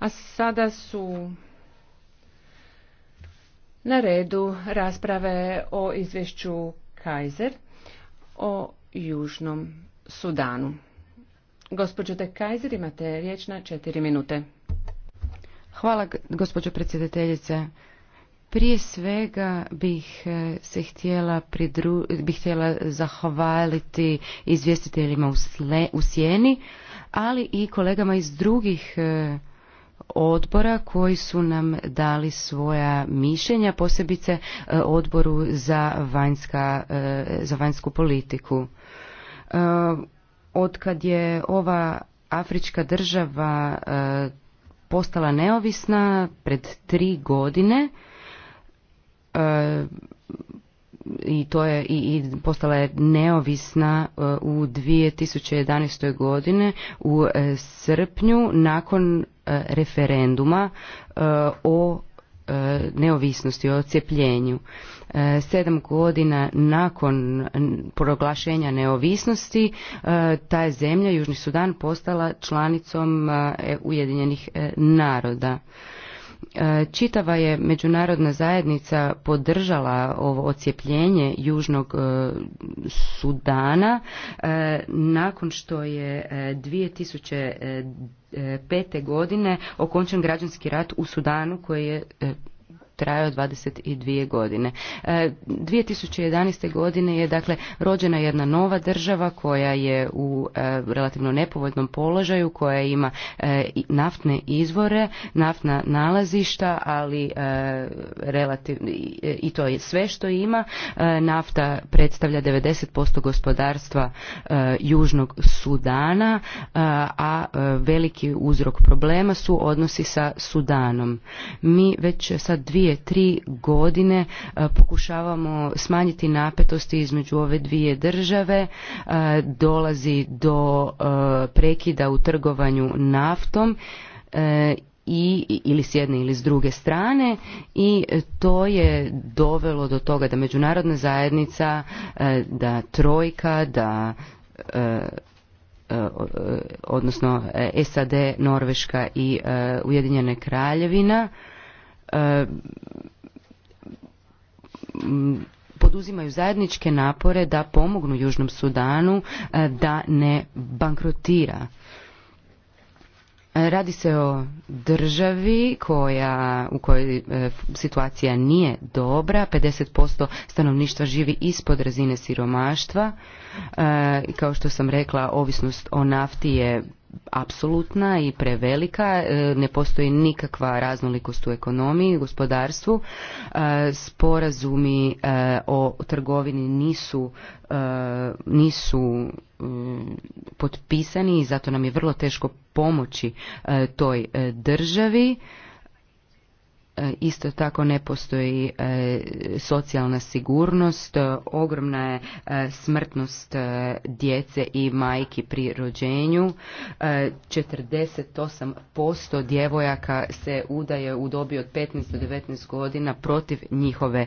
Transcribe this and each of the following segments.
A sada su na redu rasprave o izvješću Kaiser o Južnom Sudanu. Gospođo de Kaiser, imate riječ na četiri minute. Hvala, gospođo predsjedateljice. Prije svega bih e, se htjela, pridru, bih htjela zahvaliti izvjestiteljima u, sle, u Sjeni, ali i kolegama iz drugih e, odbora koji su nam dali svoja mišljenja, posebice e, odboru za, vanjska, e, za vanjsku politiku. E, Odkad je ova afrička država postala neovisna pred tri godine, i to je i, i postala je neovisna u 2011. godine u srpnju nakon E, referenduma e, o e, neovisnosti o cijepljenju. Sedam godina nakon proglašenja neovisnosti ta je zemlja, Južni Sudan, postala članicom Ujedinjenih naroda. Čitava je međunarodna zajednica podržala ovo ocijepljenje Južnog Sudana nakon što je 2000 pet godine okončan građanski rat u Sudanu koji je e, trajao 22 godine. 2011. E, godine je dakle rođena jedna nova država koja je u e, relativno nepovoljnom položaju, koja ima e, naftne izvore, naftna nalazišta, ali relativno i to je sve što ima. Nafta predstavlja 90% gospodarstva Južnog Sudana, a veliki uzrok problema su odnosi sa Sudanom. Mi već sad dvije je tri godine e, pokušavamo smanjiti napetosti između ove dvije države, e, dolazi do e, prekida u trgovanju naftom i ili s jedne ili s druge strane i to je dovelo do toga da međunarodna zajednica, da trojka, da odnosno SAD, Norveška i Ujedinjene kraljevina E, poduzimaju zajedničke napore da pomognu Južnom Sudanu e, da ne bankrotira. Radi se o državi koja, u kojoj e, situacija nije dobra, 50% stanovništva živi ispod razine siromaštva. E, kao što sam rekla, ovisnost o nafti je apsolutna i prevelika, e, ne postoji nikakva raznolikost u ekonomiji, i gospodarstvu. Sporazumi o trgovini nisu nisu potpisani i zato nam je vrlo teško pomoći e, toj e, državi E, isto tako ne postoji e, socijalna sigurnost, e, ogromna je smrtnost djece i majki pri rođenju. 48% djevojaka se udaje u dobi od 15 do 19 godina protiv njihove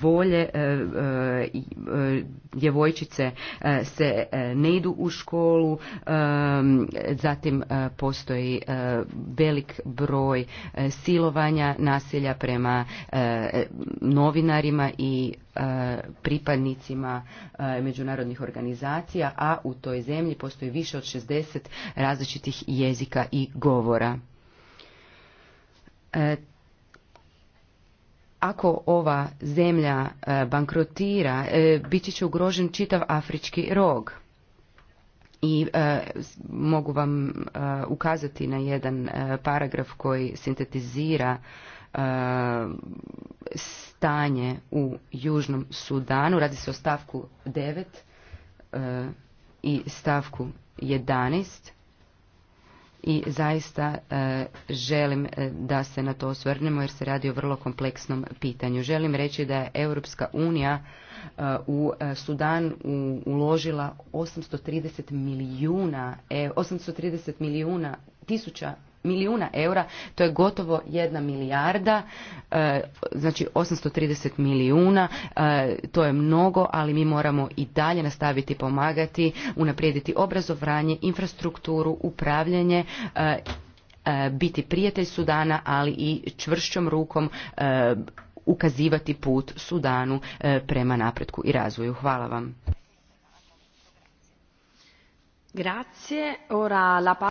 volje. Djevojčice se ne idu u školu, zatim postoji velik broj silovanja na nasilja prema e, novinarima i e, pripadnicima e, međunarodnih organizacija, a u toj zemlji postoji više od 60 različitih jezika i govora. Ako ova zemlja bankrotira, biti će ugrožen čitav afrički rog i e, mogu vam e, ukazati na jedan e, paragraf koji sintetizira stanje u Južnom Sudanu. Radi se o stavku 9 i stavku 11 i zaista e, želim e, da se na to osvrnemo jer se radi o vrlo kompleksnom pitanju. Želim reći da je Europska unija e, u Sudan u, uložila 830 milijuna, e, 830 milijuna tisuća milijuna eura, to je gotovo jedna milijarda, e, znači 830 milijuna, e, to je mnogo, ali mi moramo i dalje nastaviti pomagati, unaprijediti obrazovanje, infrastrukturu, upravljanje, e, biti prijatelj Sudana, ali i čvršćom rukom ukazivati put Sudanu prema napretku i razvoju. Hvala vam. Pa-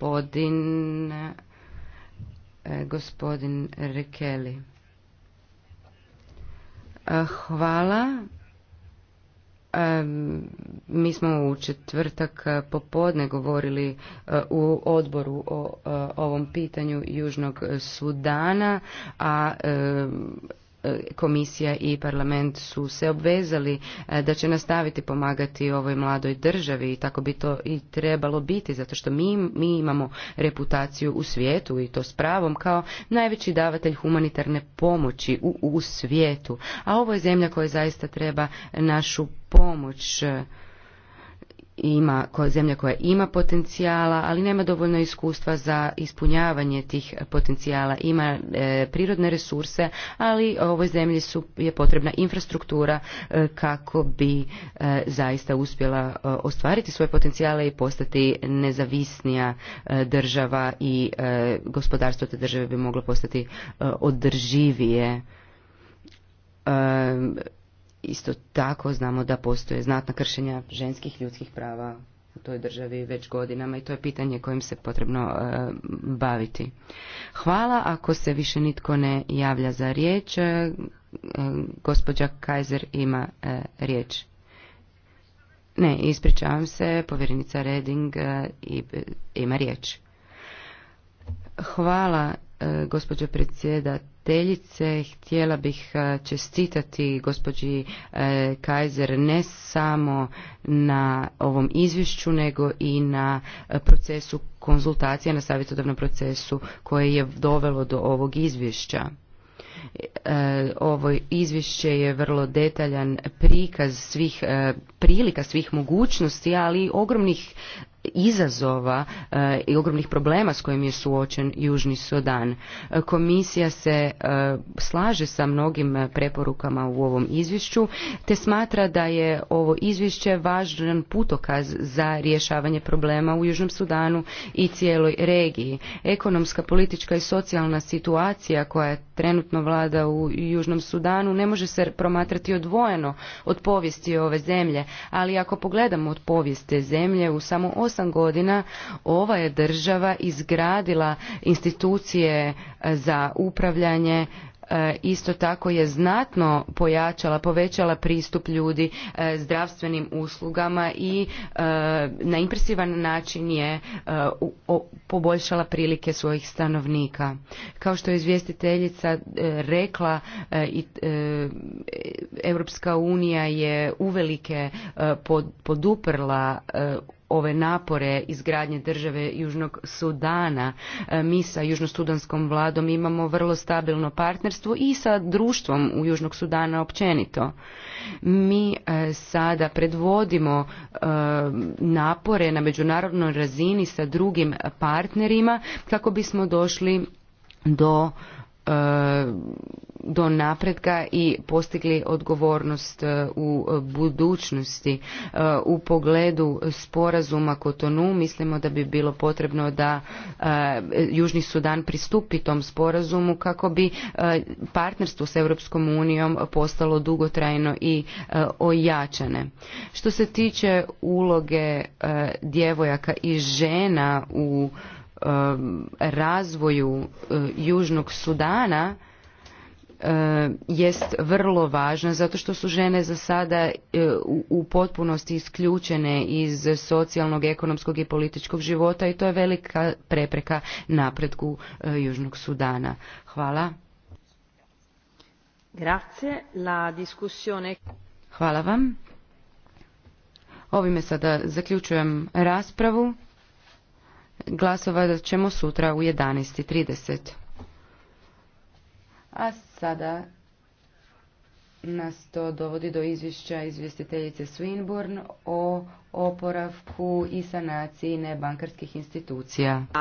gospodin e, gospodin Rekeli. E, hvala. E, mi smo u četvrtak popodne govorili u odboru o ovom pitanju Južnog Sudana, a E, komisija i parlament su se obvezali e, da će nastaviti pomagati ovoj mladoj državi i tako bi to i trebalo biti zato što mi, mi imamo reputaciju u svijetu i to s pravom kao najveći davatelj humanitarne pomoći u, u svijetu a ovo je zemlja koja zaista treba našu pomoć ima, zemlja koja ima potencijala, ali nema dovoljno iskustva za ispunjavanje tih potencijala. Ima e, prirodne resurse, ali ovoj zemlji su, je potrebna infrastruktura e, kako bi e, zaista uspjela ostvariti svoje potencijale i postati nezavisnija država i gospodarstvo te države bi moglo postati održivije Isto tako znamo da postoje znatna kršenja ženskih ljudskih prava u toj državi već godinama i to je pitanje kojim se potrebno e, baviti. Hvala ako se više nitko ne javlja za riječ. E, gospođa Kaiser ima e, riječ. Ne, ispričavam se, povjerenica Reding i, ima riječ. Hvala gospođo predsjedat Prijateljice, htjela bih e, čestitati gospođi e, Kajzer ne samo na ovom izvješću, nego i na e, procesu konzultacija, na savjetodavnom procesu koje je dovelo do ovog izvješća. Ovo izvješće je vrlo detaljan prikaz svih prilika, svih mogućnosti, ali i ogromnih izazova eh, i ogromnih problema s kojim je suočen Južni Sudan. Eh, komisija se eh, slaže sa mnogim preporukama u ovom izvješću te smatra da je ovo izvješće važan putokaz za rješavanje problema u Južnom Sudanu i cijeloj regiji. Ekonomska, politička i socijalna situacija koja trenutno vlada u Južnom Sudanu ne može se promatrati odvojeno od povijesti ove zemlje, ali ako pogledamo od povijesti zemlje u samo osam godina ova je država izgradila institucije e, za upravljanje e, isto tako je znatno pojačala, povećala pristup ljudi e, zdravstvenim uslugama i na impresivan način je poboljšala prilike svojih stanovnika. Kao što je izvjestiteljica rekla, Europska unija je uvelike poduprla ove napore izgradnje države Južnog Sudana. E, mi sa Južnosudanskom vladom imamo vrlo stabilno partnerstvo i sa društvom u Južnog Sudana općenito. Mi e, sada predvodimo e, napore na međunarodnoj razini sa drugim partnerima kako bismo došli do E, do napretka i postigli odgovornost e, u budućnosti. E, u pogledu sporazuma Kotonu mislimo da bi bilo potrebno da Južni Sudan pristupi tom sporazumu kako bi partnerstvo s Europskom unijom postalo dugotrajno i ojačane. Što se tiče uloge djevojaka i žena u Eh, razvoju eh, Južnog Sudana eh, jest vrlo važna zato što su žene za sada u potpunosti isključene iz socijalnog, ekonomskog i političkog života i to je velika prepreka napretku Južnog Sudana. Hvala. Grazie. La discussione... Hvala vam. Ovime sada zaključujem raspravu. Glasovat ćemo sutra u 11.30. A sada nas to dovodi do izvješća izvjestiteljice Swinburne o oporavku i sanaciji nebankarskih institucija.